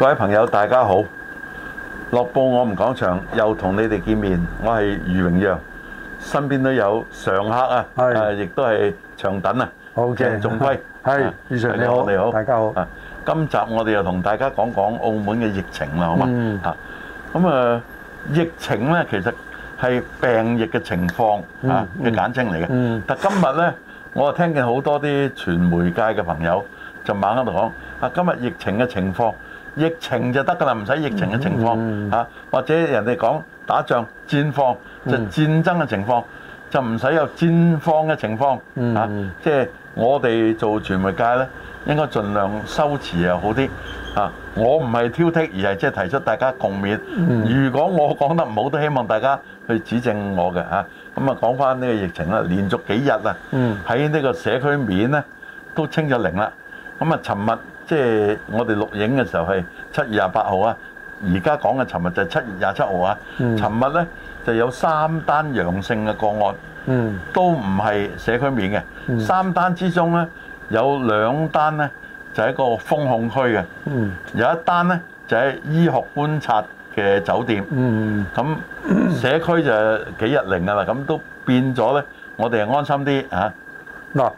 各位朋友，大家好！樂報我們講場又同你哋見面，我係余榮讓，身邊都有常客啊，係亦都係長凳啊。好嘅，仲輝係馮常你好，你好，大家好。今集我哋又同大家講講澳門嘅疫情啦，好嘛？嚇咁啊，疫情呢其實係病疫嘅情況啊嘅簡稱嚟嘅。但今日呢，我啊聽見好多啲傳媒界嘅朋友就猛喺度講啊，今日疫情嘅情況。疫情就得噶啦，唔使疫情嘅情況嚇、嗯嗯，或者人哋講打仗戰況就是、戰爭嘅情況，嗯、就唔使有戰荒嘅情況嚇。即、嗯、係、啊就是、我哋做傳媒界呢，應該盡量收斂又好啲嚇、啊。我唔係挑剔，而係即係提出大家共勉。嗯、如果我講得唔好，都希望大家去指正我嘅嚇。咁啊，講返呢個疫情啦，連續幾日啊，喺、嗯、呢個社區面呢，都清咗零啦。咁啊，尋日。即係我哋錄影嘅時候係七月廿八號啊，而家講嘅尋日就係七月廿七號啊。尋日咧就有三單陽性嘅個案，都唔係社區面嘅。三單之中咧有兩單咧就喺一個封控區嘅，有一單咧就喺醫學觀察嘅酒店。咁社區就幾日零㗎啦，咁都變咗咧，我哋係安心啲嚇。嗱。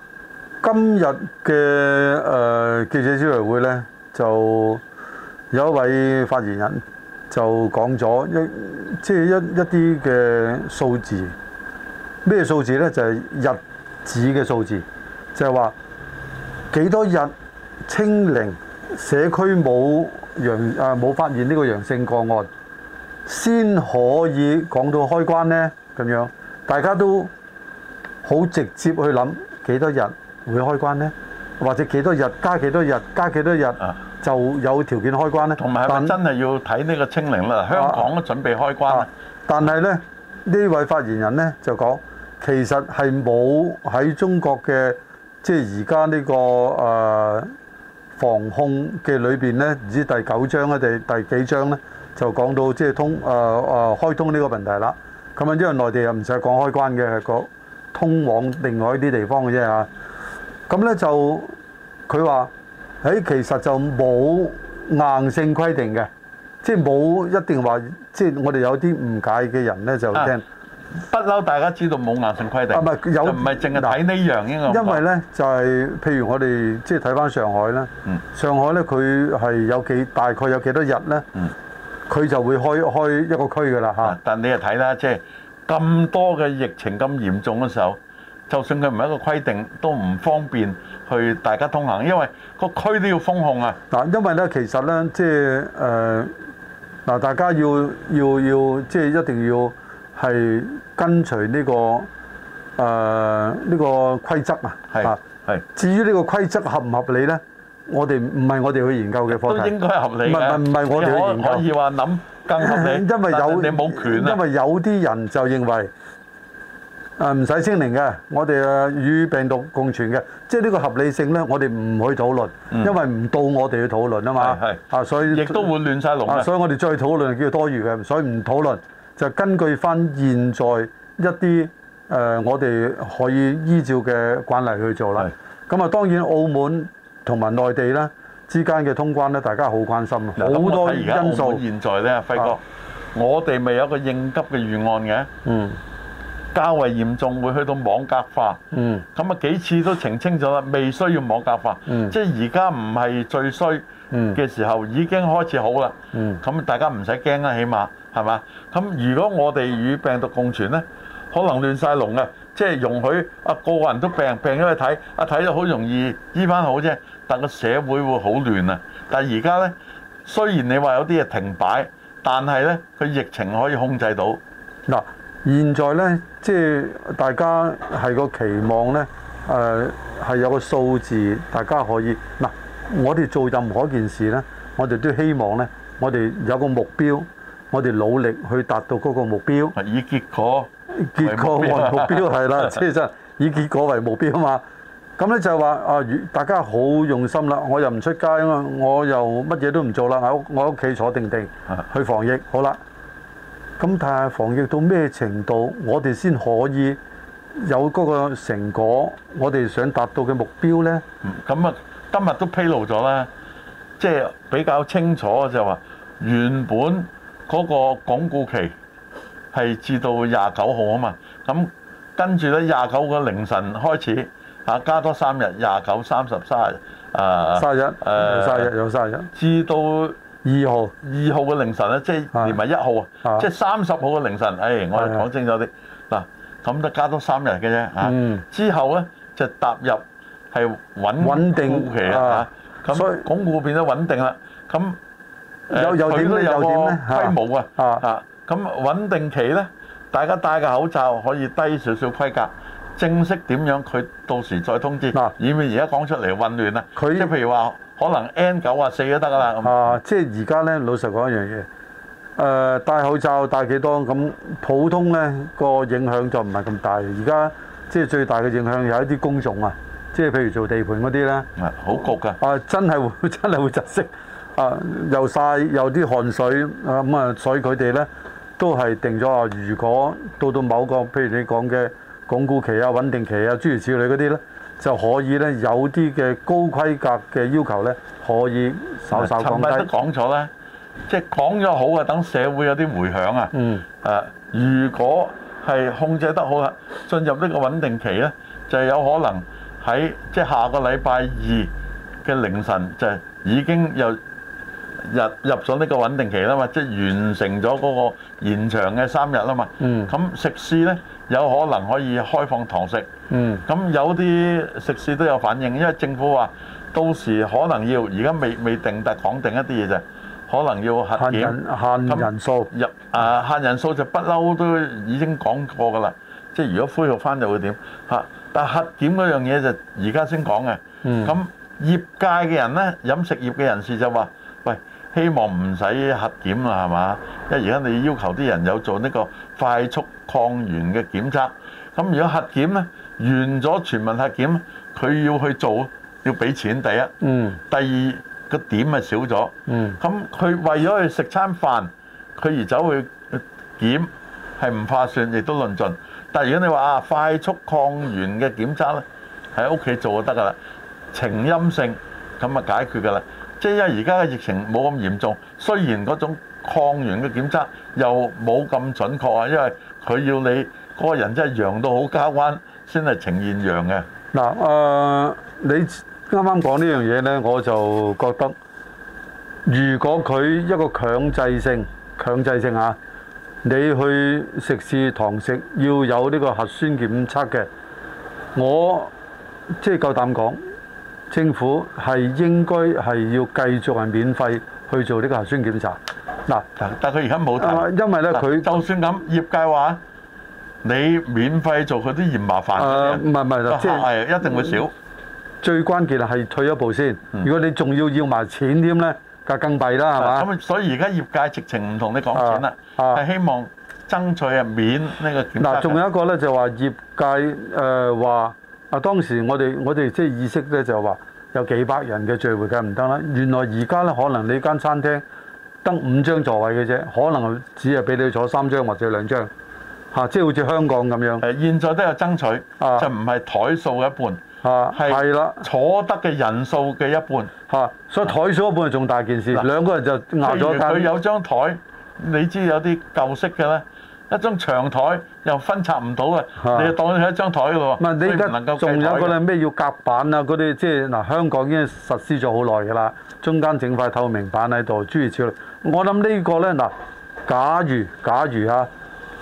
今日嘅、呃、記者招待會咧，就有一位發言人就講咗一即係、就是、一一啲嘅數字，咩數字咧？就係、是、日子嘅數字，就係、是、話幾多日清零社區冇陽誒冇發現呢個陽性個案，先可以講到開關咧。咁樣大家都好直接去諗幾多日。會開關咧，或者幾多日加幾多日加幾多日，就有條件開關咧。同埋係咪真係要睇呢個清零啦？香港都準備開關啦。但係咧，呢位發言人咧就講，其實係冇喺中國嘅即係而家呢個誒防控嘅裏邊咧，唔知第九章啊定第幾章咧，就講到即係通誒誒開通呢個問題啦。咁樣因為內地又唔使講開關嘅，係講通往另外一啲地方嘅啫嚇。咁咧就佢話，誒其實就冇硬性規定嘅，即係冇一定話，即係我哋有啲誤解嘅人咧就聽，不、啊、嬲大家知道冇硬性規定。啊唔係，有唔係淨係睇呢樣應該、啊。因為咧就係，譬如我哋即係睇翻上海咧、嗯，上海咧佢係有幾大概有幾多日咧，佢、嗯、就會開開一個區噶啦、啊、但你又睇啦，即係咁多嘅疫情咁嚴重嘅時候。就算佢唔係一個規定，都唔方便去大家通行，因為個區都要封控啊。嗱，因為咧，其實咧，即係誒嗱，大家要要要，即係一定要係跟隨呢個誒呢個規則啊。係係。至於呢個規則合唔合理咧？我哋唔係我哋去研究嘅課題。都應該合理嘅。唔係唔係，我哋去研究。你可，可以話諗更合理。因為有你冇權啊。因為有啲人就認為。誒唔使清零嘅，我哋誒與病毒共存嘅，即係呢個合理性咧，我哋唔去討論，因為唔到我哋去討論啊嘛。係啊，所以亦都會亂曬龍。啊，所以我哋再討論係叫做多餘嘅，所以唔討論就根據翻現在一啲誒我哋可以依照嘅慣例去做啦。咁啊，當然澳門同埋內地咧之間嘅通關咧，大家好關心，好多因素。現在咧，輝哥，我哋咪有個應急嘅預案嘅。嗯。較為嚴重會去到網格化，咁、嗯、啊幾次都澄清咗啦，未需要網格化，嗯、即係而家唔係最衰嘅時候，嗯，已經開始好啦。咁、嗯、大家唔使驚呀，起碼係嘛。咁如果我哋與病毒共存呢，可能亂晒龍呀，即係容許啊個個人都病病咗去睇，啊睇咗好容易醫翻好啫，但個社會會好亂啊。但而家呢，雖然你話有啲嘢停擺，但係呢，佢疫情可以控制到嗱。現在呢，即係大家係個期望呢，誒係有個數字，大家可以嗱，我哋做任何一件事呢，我哋都希望呢，我哋有個目標，我哋努力去達到嗰個目標。以結果，結果為目標係啦，即係真以結果為目標嘛。咁呢，就係話啊，大家好用心啦，我又唔出街啊嘛，我又乜嘢都唔做啦，喺屋我屋企坐定定，去防疫好啦。咁但係防疫到咩程度，我哋先可以有嗰個成果，我哋想達到嘅目標呢？嗯，咁啊，今日都披露咗啦，即係比較清楚就話，原本嗰個鞏固期係至到廿九號啊嘛，咁跟住咧廿九個凌晨開始啊加多三日，廿九、三十、卅日，啊，卅日，誒，卅日有卅日，至到。二號二號嘅凌晨咧，即係連埋一號啊，即係三十號嘅凌晨。誒、就是啊就是哎，我哋講清楚啲嗱，咁就、啊、加多三日嘅啫。嗯，之後咧就踏入係穩穩定，是、啊穩，定是啊啊、穩定期啦。咁，所以鞏固變咗穩定啦。咁有有點咧？有點咧？規模啊啊！咁穩定期咧，大家戴個口罩可以低少少規格。正式點樣？佢到時再通知，啊、以免而家講出嚟混亂啊。佢即係譬如話。可能 N 九啊四都得噶啦，咁啊！即係而家咧，老實講一樣嘢，誒、呃、戴口罩戴幾多咁普通咧，個影響就唔係咁大。而家即係最大嘅影響有一啲工種啊，即係譬如做地盤嗰啲咧，好焗㗎啊！真係會真係會窒息啊！又曬又啲汗水啊咁啊，所以佢哋咧都係定咗話，如果到到某個譬如你講嘅鞏固期啊、穩定期啊諸如此類嗰啲咧。就可以咧有啲嘅高規格嘅要求咧，可以稍稍降低。尋日都講咗啦，即係講咗好啊，等社會有啲迴響啊。嗯、啊。誒，如果係控制得好啦，進入呢個穩定期咧，就係有可能喺即係下個禮拜二嘅凌晨就已經有。入入咗呢個穩定期啦嘛，即係完成咗嗰個延長嘅三日啦嘛。咁、嗯、食肆呢，有可能可以開放堂食。咁、嗯、有啲食肆都有反應，因為政府話到時可能要，而家未未定，但係講定一啲嘢就可能要核檢限人，限人數入啊、呃，限人數就不嬲都已經講過噶啦。即係如果恢復翻就會點吓？但核檢嗰樣嘢就而家先講嘅。咁、嗯、業界嘅人呢，飲食業嘅人士就話。喂，希望唔使核檢啦，係嘛？因為而家你要求啲人有做呢個快速抗原嘅檢測。咁如果核檢咧，完咗全民核檢，佢要去做，要俾錢第一。嗯。第二個點咪少咗。嗯。咁佢為咗去食餐飯，佢而走去檢，係唔怕算，亦都論盡。但係如果你話啊，快速抗原嘅檢測咧，喺屋企做就得噶啦，呈陰性，咁咪解決噶啦。即係而家嘅疫情冇咁嚴重，雖然嗰種抗原嘅檢測又冇咁準確啊，因為佢要你嗰個人真係陽到好交關先係呈現陽嘅。嗱，誒，你啱啱講呢樣嘢呢，我就覺得，如果佢一個強制性、強制性嚇，啊，你去食肆堂食要有呢個核酸檢測嘅，我即係夠膽講。政府係應該係要繼續係免費去做呢個核酸檢查。嗱、啊，但但佢而家冇，得、啊、因為咧佢、啊、就算咁業界話，你免費做佢都嫌麻煩。唔係唔係，即係一定會少。嗯、最關鍵係退一步先、嗯。如果你仲要要埋錢添咧，就更弊啦係嘛？咁、嗯、所以而家業界直情唔同你講錢啦，係、啊啊、希望爭取係免呢個檢測嗱、啊，仲有一個咧就話、是、業界誒話。呃嗱、啊，當時我哋我哋即係意識咧，就話有幾百人嘅聚會梗唔得啦。原來而家咧，可能你間餐廳得五張座位嘅啫，可能只係俾你坐三張或者兩張、啊、即係好似香港咁樣。現在都有爭取，啊、就唔係台數嘅一半，係係啦，坐得嘅人數嘅一半、啊啊、所以台數一半係重大件事、啊，兩個人就壓咗佢。佢有張台，你知有啲舊式嘅咧？一張長台又分拆唔到嘅，你當佢係一張台喎。唔係你而家仲有個啲咩要夾板啊？嗰啲即係嗱，香港已經實施咗好耐㗎啦。中間整塊透明板喺度，諸如此類，我諗呢個咧嗱，假如假如嚇，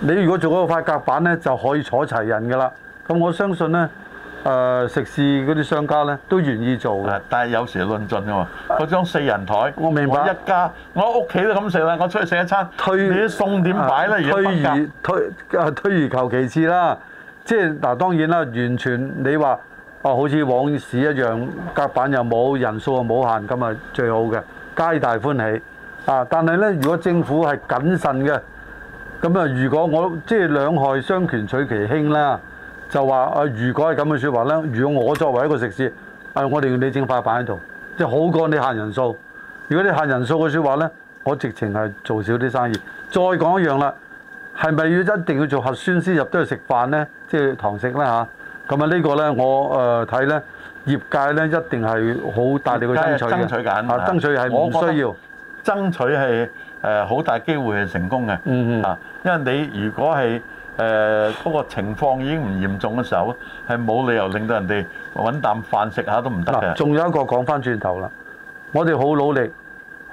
你如果做嗰塊夾板咧，就可以坐齊人㗎啦。咁我相信咧。誒、呃、食肆嗰啲商家呢都願意做嘅，但係有時論盡嘅嘛。嗰、啊、張四人台，我明白。一家，我屋企都咁食啦，我出去食一餐。推餸點擺咧、啊？推而推推而求其次啦。即係嗱，當然啦，完全你話哦、啊，好似往時一樣，夾板又冇，人數又冇限咁啊，咪最好嘅，皆大歡喜啊！但係呢，如果政府係謹慎嘅，咁啊，如果我即係、就是、兩害相權取其輕啦。就話啊，如果係咁嘅説話呢，如果我作為一個食肆，啊，我寧願你整塊板喺度，即係好過你限人數。如果你限人數嘅説話呢，我直情係做少啲生意。再講一樣啦，係咪要一定要做核酸先入得去食飯呢？即係堂食呢？嚇、啊。咁啊呢個呢，我誒睇、呃、呢業界呢，一定係好大力去爭取嘅。係爭取緊啊，爭取係唔需要。爭取係誒好大機會係成功嘅。嗯嗯。啊，因為你如果係誒、呃、嗰個情況已經唔嚴重嘅時候，係冇理由令到人哋揾啖飯食下都唔得嘅。仲有一個講翻轉頭啦，我哋好努力誒、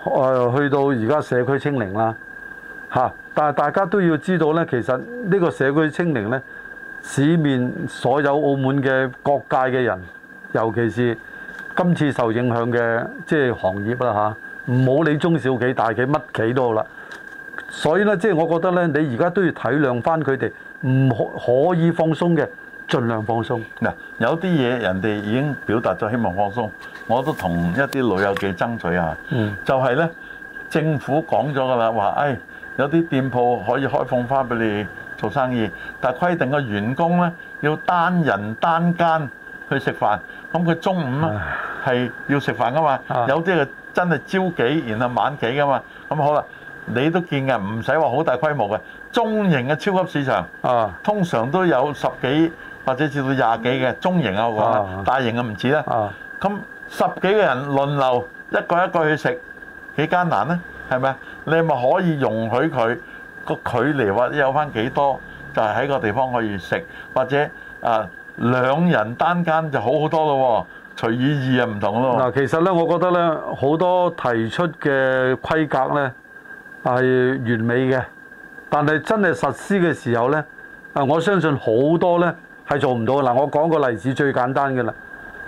呃，去到而家社區清零啦，嚇、啊！但係大家都要知道呢，其實呢個社區清零呢，市面所有澳門嘅各界嘅人，尤其是今次受影響嘅即係行業啦嚇，啊，唔好理中小企大企乜企都好啦。所以咧，即係我覺得咧，你而家都要體諒翻佢哋，唔可可以放鬆嘅，儘量放鬆。嗱，有啲嘢人哋已經表達咗希望放鬆，我都同一啲老友記爭取下。嗯。就係咧，政府講咗噶啦，話誒有啲店鋪可以開放翻俾你做生意，但係規定個員工咧要單人單間去食飯。咁佢中午咧係要食飯噶嘛？有啲係真係朝幾，然後晚幾噶嘛？咁好啦。你都見嘅，唔使話好大規模嘅中型嘅超級市場啊，通常都有十幾或者至到廿幾嘅中型啊，我講，大型嘅唔止啦。咁、啊、十幾個人輪流一個一個去食幾艱難呢？係咪你咪可以容許佢個距離或者有翻幾多，就係喺個地方可以食，或者啊兩人單間就好好多咯。隨意二啊唔同咯。嗱，其實呢，我覺得呢好多提出嘅規格呢，係完美嘅，但係真係實施嘅時候呢，啊，我相信好多呢係做唔到。嗱，我講個例子最簡單嘅啦。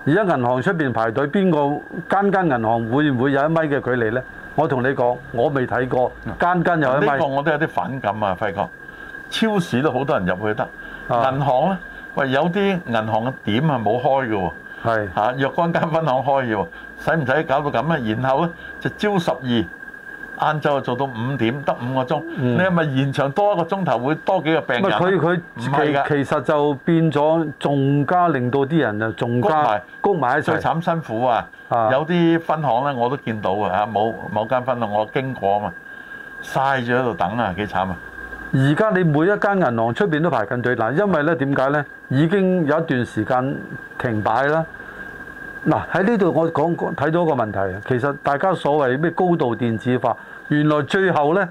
而家銀行出邊排隊，邊個間間銀行會唔會有一米嘅距離呢？我同你講，我未睇過間間有一米的呢。呢、嗯呢個我都有啲反感啊，輝哥。超市都好多人入去得，銀行呢、啊。喂，有啲銀行嘅點係冇開嘅，係啊，若干間分行開嘅，使唔使搞到咁啊？然後呢，就招十二。晏晝做到五點，得五個鐘，你係咪延長多一個鐘頭會多幾個病人？唔係佢，佢其其實就變咗，仲加令到啲人又仲加高埋，高埋一齊最慘辛苦啊！啊，有啲分行咧，我都見到啊，嚇，某某間分行我經過啊嘛，嘥咗喺度等啊，幾慘啊！而家你每一間銀行出邊都排緊隊嗱，因為咧點解咧？已經有一段時間停擺啦。嗱，喺呢度我講睇到一個問題，其實大家所謂咩高度電子化，原來最後呢，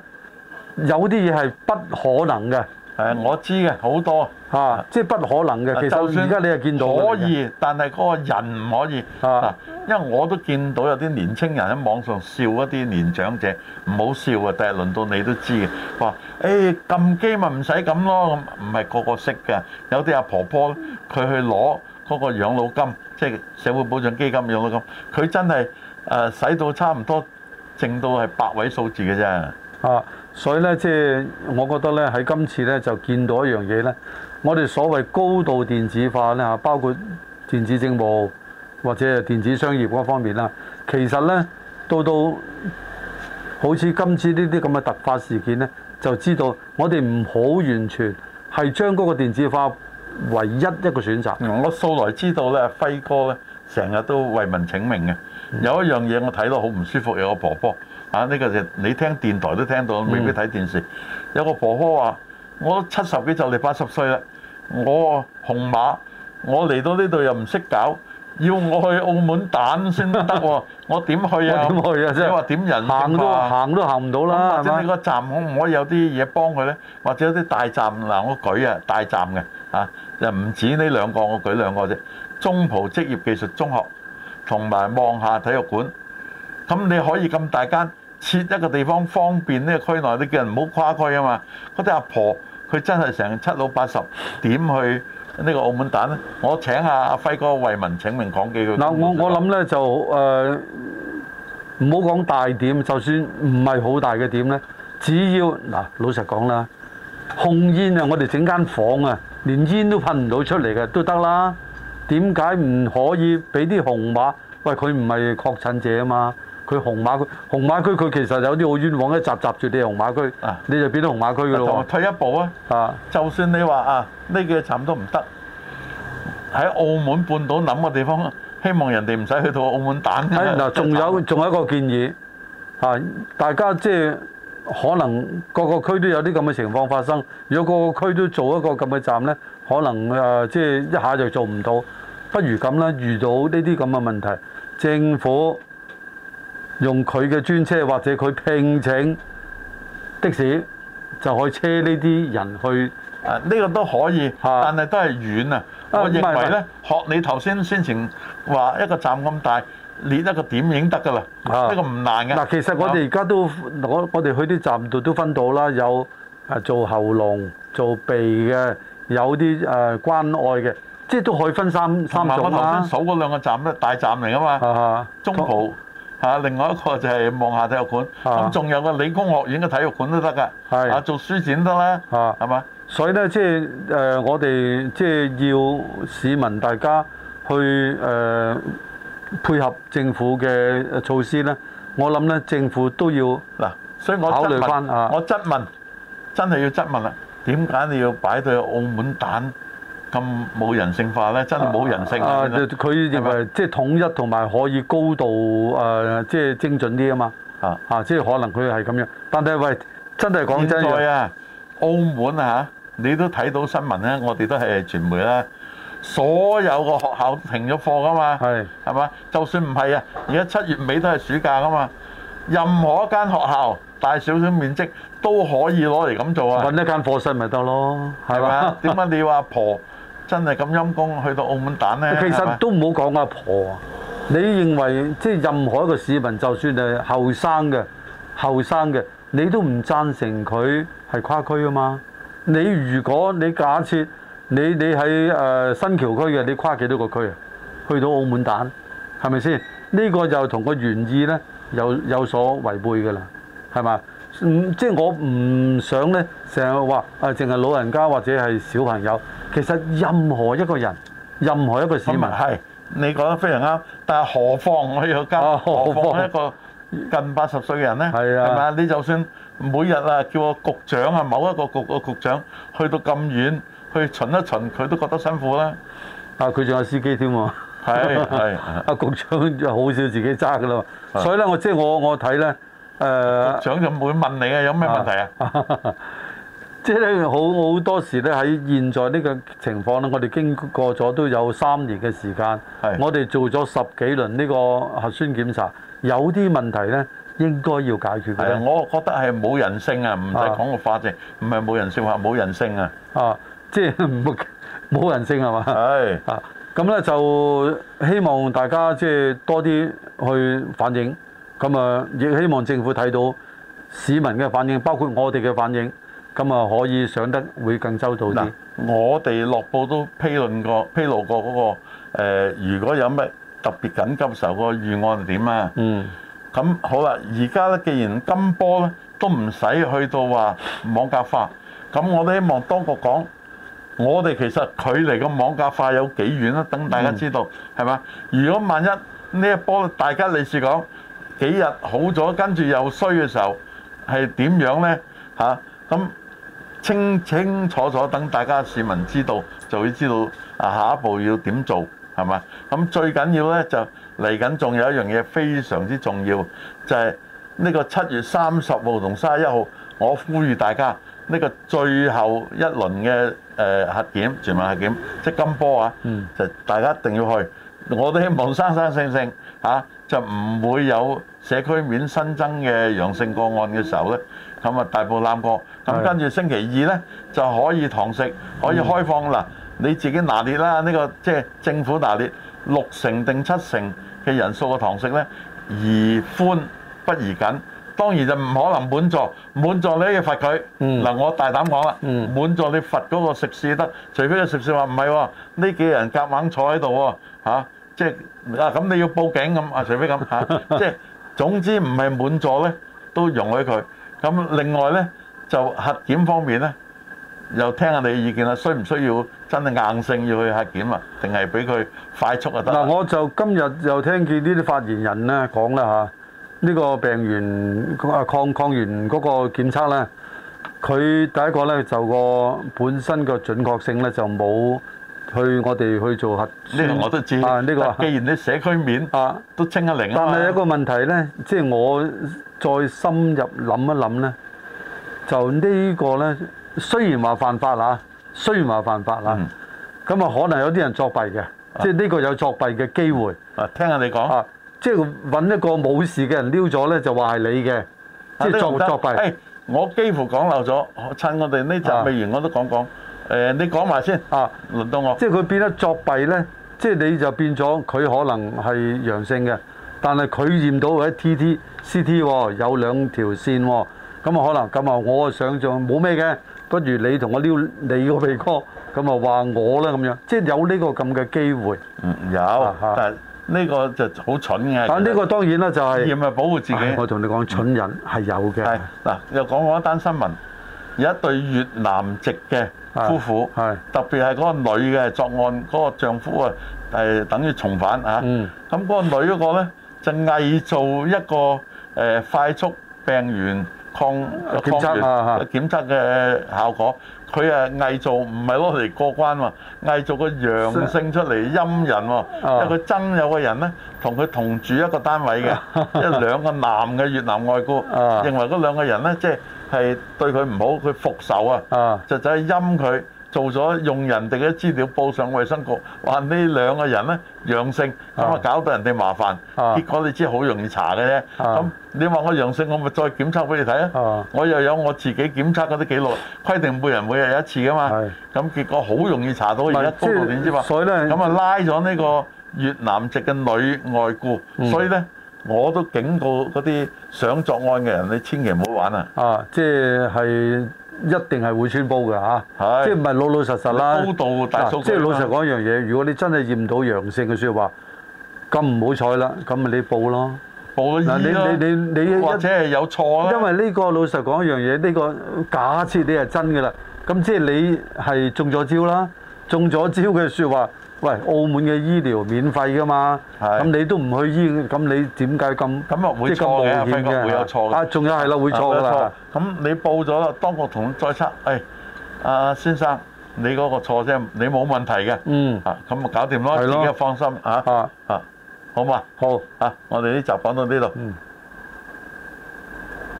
有啲嘢係不可能嘅。誒、嗯，我知嘅好多嚇，即、啊、係、就是、不可能嘅、啊。其實而、啊、家你係見到的可以，但係嗰個人唔可以。嗱、啊啊，因為我都見到有啲年青人喺網上笑一啲年長者唔好笑啊！第日輪到你都知嘅話，誒撳、欸、機咪唔使咁咯。唔係個個識嘅，有啲阿婆婆佢去攞。嗰、那個養老金，即、就、係、是、社會保障基金養老金，佢真係誒、呃、使得差不到差唔多，淨到係百位數字嘅啫。啊，所以咧，即、就、係、是、我覺得咧，喺今次咧就見到一樣嘢咧，我哋所謂高度電子化咧，包括電子政務或者係電子商業嗰方面啦。其實咧，到到好似今次呢啲咁嘅突發事件咧，就知道我哋唔好完全係將嗰個電子化，唯一一個選擇。嗯、我素來知道咧，輝哥咧成日都為民請命嘅。有一樣嘢我睇到好唔舒服，有個婆婆啊，呢個就你聽電台都聽到，未必睇電視。嗯、有個婆婆話：我七十幾就嚟八十歲啦，我紅碼，我嚟到呢度又唔識搞，要我去澳門蛋先得喎，我點去啊？點去啊？即係話點人行都行，不、啊、行都行唔到啦，係嘛？或者呢個站可唔可以有啲嘢幫佢呢？或者有啲大站嗱、啊，我舉啊大站嘅啊。又唔止呢兩個，我舉兩個啫。中葡職業技術中學同埋望下體育館，咁你可以咁大間設一個地方，方便呢個區內啲叫人唔好跨區啊嘛。嗰啲阿婆佢真係成七老八十，點去呢個澳門蛋咧？我請一下阿輝哥為民請命講幾句。嗱，我我諗呢就誒唔好講大點，就算唔係好大嘅點呢，只要嗱，老實講啦，控煙啊，我哋整間房啊。連煙都噴唔到出嚟嘅都得啦，點解唔可以俾啲紅馬？喂，佢唔係確診者啊嘛，佢紅馬佢紅馬區佢其實有啲好冤枉，一集集住你紅馬區，啊，你就變到紅馬區噶咯，退一步啊！啊，就算你話啊，呢幾個站都唔得，喺澳門半島諗嘅地方，希望人哋唔使去到澳門打。哎、啊、嗱，仲有仲有一個建議啊，大家即、就、係、是。可能各個區都有啲咁嘅情況發生。如果各個區都做一個咁嘅站咧，可能誒即係一下就做唔到。不如咁啦，遇到呢啲咁嘅問題，政府用佢嘅專車或者佢聘請的士就去車呢啲人去。誒、啊、呢、呢個都可以，啊、但係都係遠啊。我認為咧，學你頭先先前話一個站咁大，列得個點影得噶啦，呢、啊、個唔難嘅。嗱、啊，其實我哋而家都，我我哋去啲站度都分到啦，有誒做喉嚨、做鼻嘅，有啲誒關愛嘅，即係都可以分三三種蚊同頭先數嗰兩個站咧、啊，大站嚟啊嘛，啊中途。嚇、啊，另外一個就係望下體育館，咁、啊、仲、啊、有個理工學院嘅體育館都得噶，啊做書展得啦，係、啊、嘛、啊？所以咧，即係誒，我哋即係要市民大家去誒。呃配合政府嘅措施咧，我諗咧政府都要嗱，所以我考慮翻啊。我質問，真係要質問啊！點解你要擺對澳門蛋咁冇人性化咧？真係冇人性啊！佢、啊、認為即係統一，同埋可以高度誒，即、啊、係、就是、精準啲啊嘛。啊啊，即、就、係、是、可能佢係咁樣，但係喂，真係講真嘅、啊，澳門啊你都睇到新聞咧、啊，我哋都係傳媒啦、啊。所有個學校停咗課噶嘛？係係嘛？就算唔係啊，而家七月尾都係暑假噶嘛。任何一間學校大少少面積都可以攞嚟咁做啊，揾一間課室咪得咯？係嘛？點解你話阿婆 真係咁陰公去到澳門蛋呢？其實都唔好講阿婆，啊。你認為即係、就是、任何一個市民，就算係後生嘅後生嘅，你都唔贊成佢係跨區啊嘛？你如果你假設，你你喺誒新橋區嘅，你跨幾多個區啊？去到澳門蛋係咪先？呢個就同個原意呢，有有所違背噶啦，係咪？即係我唔想呢，成日話誒，淨係老人家或者係小朋友，其實任何一個人，任何一個市民，係你講得非常啱。但係何況我有家、啊，何況、何況、啊、一個近八十歲嘅人呢？係啊，係嘛？你就算每日啊，叫個局長啊，某一個局個局長去到咁遠。佢巡一巡，佢都覺得辛苦啦。啊，佢仲有司機添喎。係係。阿局長就好少自己揸噶㗎啦。所以咧，我即係我我睇咧，誒，局長就冇問你啊，有咩問題啊？即係咧，好好多時咧，喺現在呢個情況咧，我哋經過咗都有三年嘅時間，我哋做咗十幾輪呢個核酸檢查，有啲問題咧，應該要解決嘅。我覺得係冇人性啊，唔使講個法制，唔係冇人性，冇人性啊。啊。即係冇人性係嘛？係啊，咁咧就希望大家即係多啲去反映，咁啊亦希望政府睇到市民嘅反應，包括我哋嘅反應，咁啊可以上得會更周到啲。我哋落報都批論過、披露過嗰、嗰個、呃、如果有咩特別緊急嘅時候個預案點啊？嗯那好了。咁好啦，而家咧既然金波咧都唔使去到話網格化，咁我都希望當局講。我哋其實距離個網格化有幾遠咧、啊？等大家知道係咪、嗯？如果萬一呢一波大家嚟住講幾日好咗，跟住又衰嘅時候係點樣呢？咁、啊、清清楚楚，等大家市民知道就會知道啊。下一步要點做係咪？咁最緊要呢，就嚟緊，仲有一樣嘢非常之重要，就係、是、呢個七月三十號同三十一號，我呼籲大家呢、這個最後一輪嘅。呃、核檢全民核檢，即係今波啊、嗯，就大家一定要去。我都希望生生性性，嚇、啊，就唔會有社區面新增嘅陽性個案嘅時候呢。咁啊大步攬過。咁跟住星期二呢，就可以堂食，可以開放嗱、嗯。你自己拿捏啦，呢、這個即係、就是、政府拿捏六成定七成嘅人數嘅堂食呢，宜寬不宜緊。當然就唔可能滿座，滿座你要罰佢。嗱，我大膽講啦，mm. 滿座你罰嗰個食肆得，除非個食肆話唔係喎，呢幾人夾硬坐喺度喎，嚇、啊，即係嗱咁你要報警咁 啊，除非咁嚇，即係總之唔係滿座咧都容許佢。咁另外咧就核檢方面咧，又聽下你嘅意見啦，需唔需要真係硬性要去核檢啊？定係俾佢快速就得？嗱、啊，我就今日又聽見呢啲發言人咧講啦嚇。呢個病原啊抗抗原嗰個檢測咧，佢第一個咧就個本身嘅準確性咧就冇去我哋去做核，呢個我都知，呢個既然你社區面啊都清一零啊嘛。但係有一個問題咧，即係我再深入諗一諗咧，就呢個咧，雖然話犯法啦，雖然話犯法啦，咁啊可能有啲人作弊嘅，即係呢個有作弊嘅機會。啊，聽下你講。即係揾一個冇事嘅人撩咗咧，就話係你嘅，即係作、這個、作弊、哎。我幾乎講漏咗，趁我哋呢集未完，我都講講。誒、啊呃，你講埋先啊，輪到我。即係佢變得作弊咧，即係你就變咗佢可能係陽性嘅，但係佢驗到喺 T T C T、哦、有兩條線喎、哦，咁啊可能咁啊，我嘅想像冇咩嘅，不如你同我撩你個鼻哥，咁啊話我啦咁樣，即係有呢個咁嘅機會。嗯，有。啊但呢、這個就好蠢嘅。但、啊、呢個當然啦、就是，就係要啊保護自己。我同你講，蠢人係有嘅。嗱，又講,講一單新聞，有一對越南籍嘅夫婦，是是特別係嗰個女嘅作案，嗰、那個丈夫啊，係等於重犯、嗯、啊。咁、那、嗰個女嗰個咧就偽造一個誒快速病原抗原檢測嘅檢測嘅、啊啊、效果。佢啊偽造唔係攞嚟過關喎，偽造個陽性出嚟陰人喎、啊，啊啊因為佢有佢憎有個人咧，同佢同住一個單位嘅，即 係兩個男嘅越南外僱，啊、認為嗰兩個人咧即係係對佢唔好，佢復仇啊，啊就走去陰佢。做咗用人哋嘅資料報上衛生局，話呢兩個人咧陽性，咁啊搞到人哋麻煩。結果你知好容易查嘅啫。咁你話我陽性，我咪再檢測俾你睇啊。我又有我自己檢測嗰啲記錄，規定每人每日一次㗎嘛。咁結果好容易查到而家多到點知啊。咁啊拉咗呢個越南籍嘅女外僱。所以咧，我都警告嗰啲想作案嘅人，你千祈唔好玩啊。啊，即係。一定係會穿煲㗎嚇，即係唔係老老實實啦？啊、即係老實講一樣嘢，如果你真係驗到陽性嘅説話，咁唔好彩啦，咁咪你報咯，報嗱你你你你或者係有錯，因為呢個老實講一樣嘢，呢個假設你係真嘅啦，咁即係你係中咗招啦，中咗招嘅説話。喂，澳門嘅醫療免費噶嘛？咁你都唔去醫院，咁你點解咁咁又唔會錯嘅、啊啊啊啊？會有錯嘅、哎。啊，仲有係啦，會錯嘅。啦。咁你報咗啦，當局同再測，誒，阿先生，你嗰個錯啫，你冇問題嘅。嗯。咁、啊、咪搞掂咯，自己放心吓好嘛、啊啊啊。好，好啊，我哋呢集講到呢度。嗯。